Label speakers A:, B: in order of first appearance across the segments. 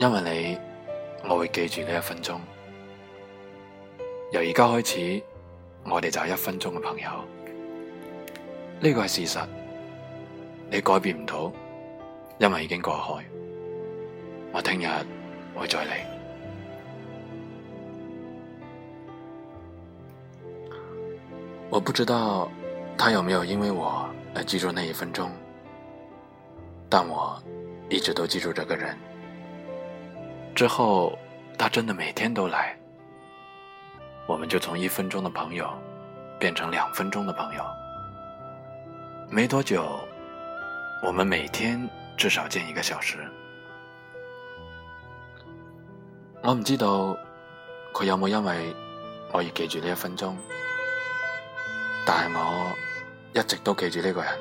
A: 因為你，我會記住呢一分鐘。由而家開始，我哋就係一分鐘嘅朋友。呢個係事實，你改變唔到，因為已經過去。我聽日會再嚟。我不知道他有沒有因為我而記住那一分鐘，但我一直都記住這個人。之後，他真的每天都來。我們就從一分鐘的朋友，變成兩分鐘的朋友。沒多久，我們每天至少見一個小時。我唔知道，佢有冇因為我而記住呢一分鐘，但係我一直都記住呢個人。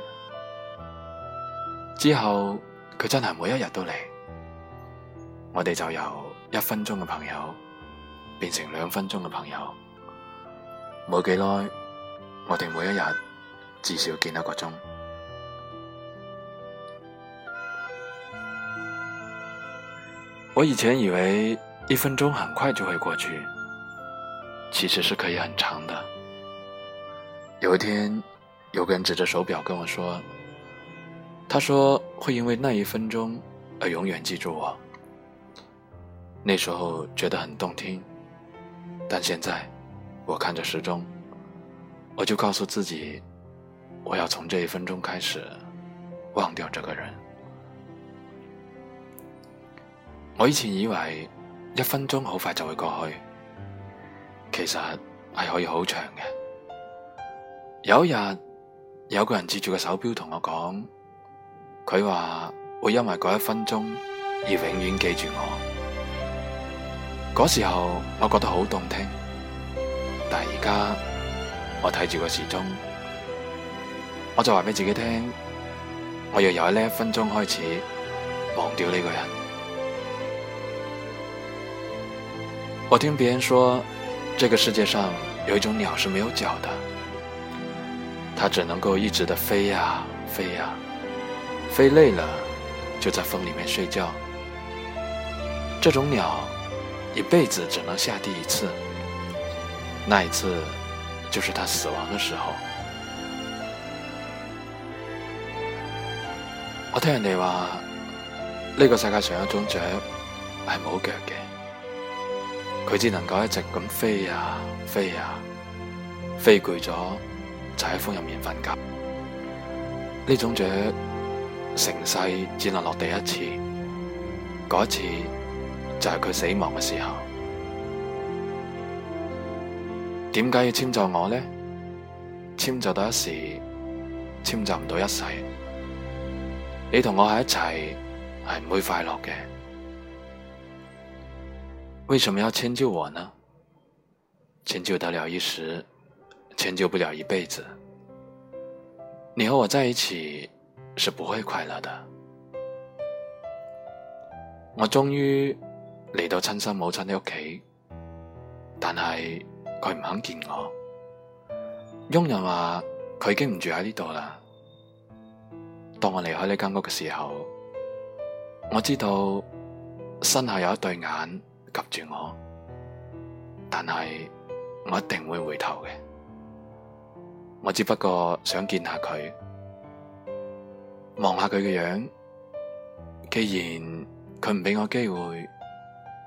A: 之後，佢真係每一日都嚟。我哋就由一分鐘嘅朋友變成兩分鐘嘅朋友，冇幾耐，我哋每一日至少見一個鐘。我以前以為一分鐘很快就會過去，其實是可以很長的。有一天，有個人指着手表跟我說，他說會因為那一分鐘而永遠記住我。那時候覺得很動聽，但現在，我看着時鐘，我就告訴自己，我要從這一分鐘開始，忘掉這個人。我以前以為，一分鐘好快就會過去，其實係可以好長嘅。有一日，有個人指住個手表同我講，佢話會因為嗰一分鐘而永遠記住我。嗰時候我覺得好動聽，但係而家我睇住個時鐘，我就話俾自己聽，我要由喺呢一分鐘開始忘掉呢個人。我聽別人說，這個世界上有一種鳥是沒有腳的，它只能夠一直的飛呀飛呀，飛累了就在風裏面睡覺。這種鳥。一輩子只能下地一次，那一次就是他死亡嘅時候。我聽人哋話，呢個世界上有一種雀係冇腳嘅，佢只能夠一直咁飛啊飛啊，飛攰咗就喺風入面瞓覺。呢種雀成世只能落地一次，嗰一次。就係佢死亡嘅時候，點解要遷就我呢？遷就到一時，遷就唔到一世。你同我喺一齊係唔會快樂嘅。為什麼要遷就我呢？遷就得了一時，遷就不了一輩子。你和我在一起是不會快樂的。我終於。嚟到親生母親嘅屋企，但係佢唔肯見我。傭人話佢已經唔住喺呢度啦。當我離開呢間屋嘅時候，我知道身後有一對眼及住我，但係我一定會回頭嘅。我只不過想見下佢，望下佢嘅樣。既然佢唔俾我機會。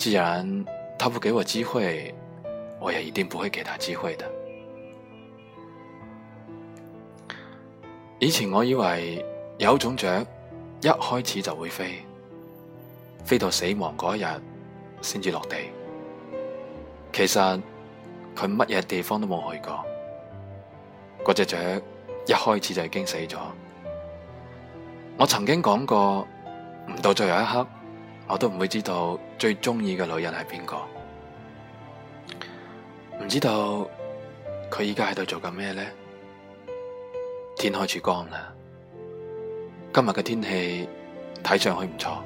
A: 既然他不給我機會，我也一定不會給他機會的。以前我以為有種雀一開始就會飛，飛到死亡嗰日先至落地。其實佢乜嘢地方都冇去過，嗰隻雀一開始就已經死咗。我曾經講過，唔到最後一刻，我都唔會知道。最中意嘅女人係邊個？唔知道佢依家喺度做緊咩呢？天開始光啦，今日嘅天氣睇上去唔錯，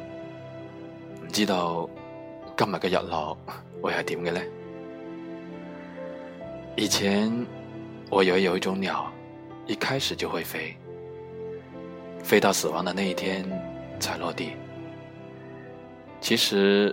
A: 唔知道今日嘅日落會係點嘅呢？以前我以為有一種鳥，一開始就會飛，飛到死亡的那一天才落地。其實。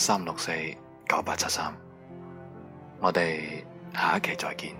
A: 三六四九八七三，我哋下一期再見。